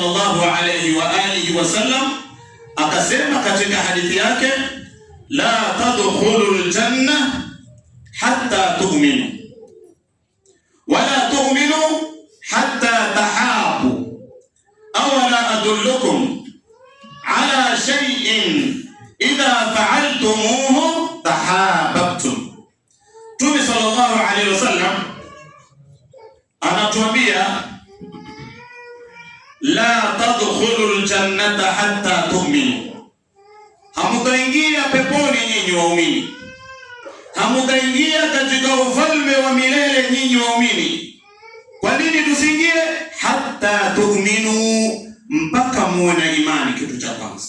sallallahu alayhi wa alihi wasallam akasema katika hadithi yake, la tadkhulu ljanna hatta tu'minu wala tu'minu hatta tahabu awala adullukum ala shay'in idha fa'altumuhu tahababtum. Mtume sallallahu alayhi wasallam anatuambia la tadkhulu ljannata hatta tuminu, hamutaingia peponi nyinyi waumini, hamutaingia katika ufalme wa milele nyinyi waumini. Kwa nini tusiingie? Hatta tuminu, mpaka muwe na imani. Kitu cha kwanza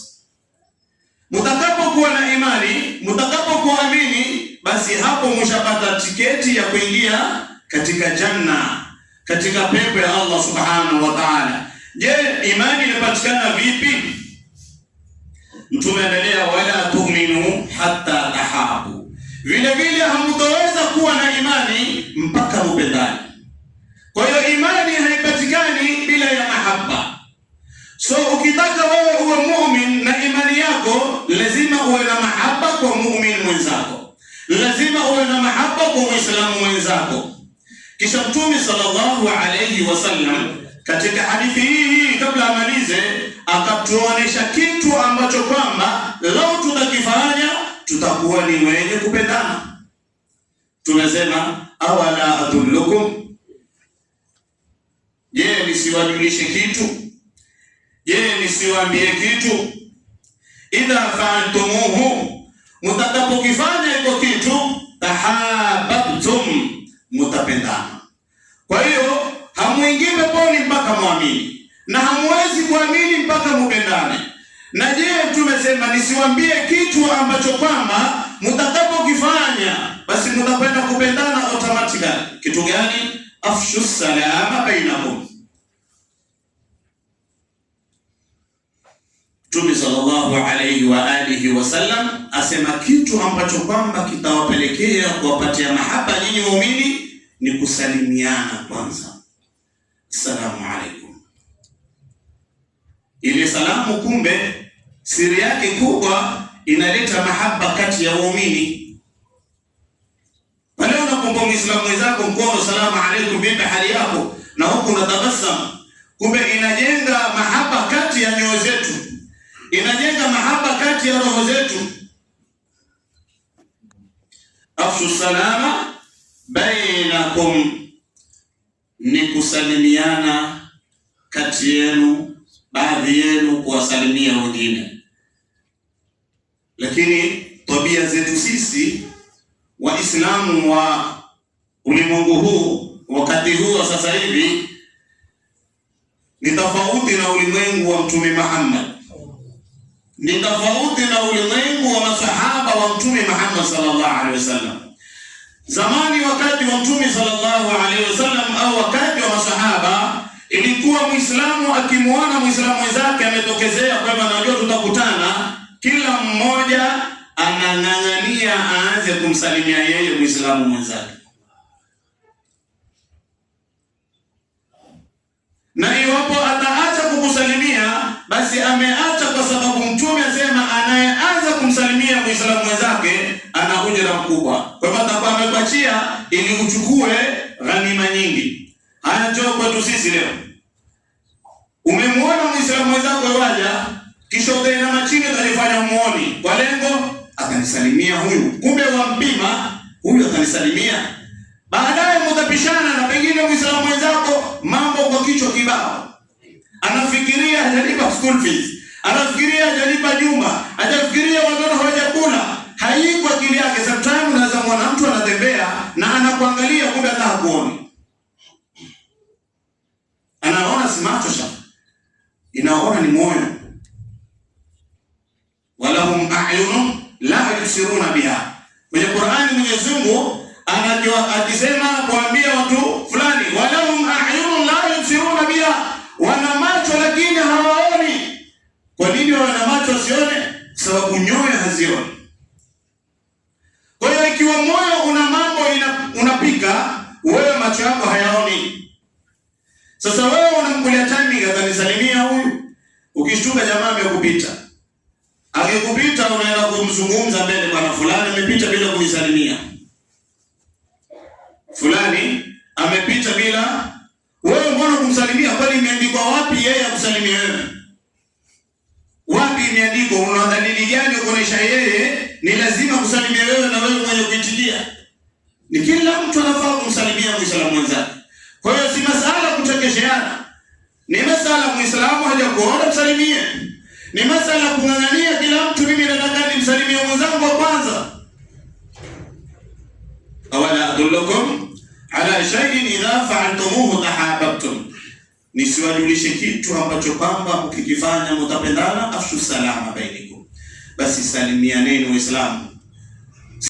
mutakapokuwa na imani, mutakapokuamini, basi hapo mshapata tiketi ya kuingia katika janna, katika pepo ya Allah subhanahu wa ta'ala. Je, imani inapatikana vipi? Mtume anaendelea, wala tuminu hatta tahabu, vile vile hamtoweza kuwa na imani mpaka mupendani. Kwa hiyo imani haipatikani bila ya mahaba. So ukitaka wewe uwe mumin na imani yako, lazima uwe na mahaba kwa mumin mwenzako, lazima uwe na mahaba kwa muislamu mwenzako. Kisha Mtume sallallahu alayhi wasallam katika hadithi hii kabla amalize, akatuonesha kitu ambacho kwamba lau tunakifanya tutakuwa ni wenye kupendana. Tunasema awala adullukum, je, nisiwajulishe kitu? Je, nisiwaambie kitu? idha fa'altumuhu, mutakapokifanya iko kitu, tahabbtum, mutapendana. Kwa hiyo mpaka na hamwezi kuamini mpaka mupendane. Na je, tumesema nisiwambie kitu ambacho kwamba mutakapokifanya basi mutakwenda kupendana automatically. Kitu gani? Afshu salama bainakum. Mtume sallallahu alayhi wa alihi wa sallam asema kitu ambacho kwamba kitawapelekea kuwapatia mahaba nyinyi waumini ni kusalimiana kwanza. Salamu salamu, kumbe siri yake kubwa inaleta mahaba kati ya waumini. Pale unapompa Muislamu mwenzako mkono, salamu alaykum, vipi hali yako, na huku unatabasamu, kumbe inajenga mahaba kati ya nyoyo zetu, inajenga mahaba kati ya roho zetu. Afshu salama bainakum, ni kusalimiana kati yenu baadhi yenu kuwasalimia wengine, lakini tabia zetu sisi Waislamu wa ulimwengu huu wakati huu wa sasa hivi ni tofauti na ulimwengu wa Mtume Muhammad, ni tofauti na ulimwengu wa masahaba wa Mtume Muhammad sallallahu alaihi wasallam. Zamani wakati wa Mtume sallallahu alaihi wasallam au wakati wa masahaba Ilikuwa Muislamu akimwona Muislamu wenzake ametokezea kwamba anajua tutakutana, kila mmoja anang'ang'ania aanze kumsalimia yeye Muislamu mwenzake. Na iwapo ataacha kukusalimia, basi ameacha kwa sababu Mtume asema anayeanza kumsalimia Muislamu mwenzake ana ujira mkubwa, kwa hivyo atakuwa amekuachia ili uchukue ghanima nyingi anajua kwetu sisi leo. Umemwona mwislamu mwenzako waja, kisha ukaenda machini ukalifanya muoni kwa lengo akanisalimia huyu, kumbe wampima huyu akanisalimia, baadaye mutapishana na pengine mwislamu mwenzako mambo kwa kichwa kibao, anafikiria hajalipa school fees, anafikiria hajalipa nyumba, hajafikiria watoto hawajakula, haiko akili yake. Sometimes unaweza mwana mtu anatembea na anakuangalia, kumbe hata hakuoni anaona si macho sha, inaona ni moyo. walahum ayunu la yusiruna biha. Kwenye Qur'ani Mwenyezi Mungu anajua akisema kuambia watu fulani, walahum ayunu la yusiruna biha, wana macho lakini hawaoni. Kwa nini wana macho sione? Sababu nyoyo hazioni. Kwa hiyo ikiwa moyo una mambo unapika, wewe macho yako hayaoni sasa wewe unamkulia timing akanisalimia huyu, ukishtuka jamaa amekupita. Akikupita unaenda kumzungumza mbele, bwana fulani amepita bila kunisalimia, fulani amepita bila wewe. Mbona kumsalimia? Kwani imeandikwa wapi yeye akusalimia wewe? Wapi imeandikwa? Una dalili gani kuonesha yeye ni lazima kusalimia wewe na wewe mwenye kuitilia? Ni kila mtu anafaa kumsalimia Muislamu mwenzake. Kwa hiyo si masala kuoneshana, ni masala muislamu haja kuona msalimie, ni masala kung'ang'ania kila mtu, mimi nataka nimsalimie mwenzangu wa kwanza. Awala adullukum ala shay'in idha fa'altumuhu tahabbtum, nisiwajulishe kitu ambacho kwamba mkikifanya mutapendana. Afshu salama bainikum, basi salimianeni Waislamu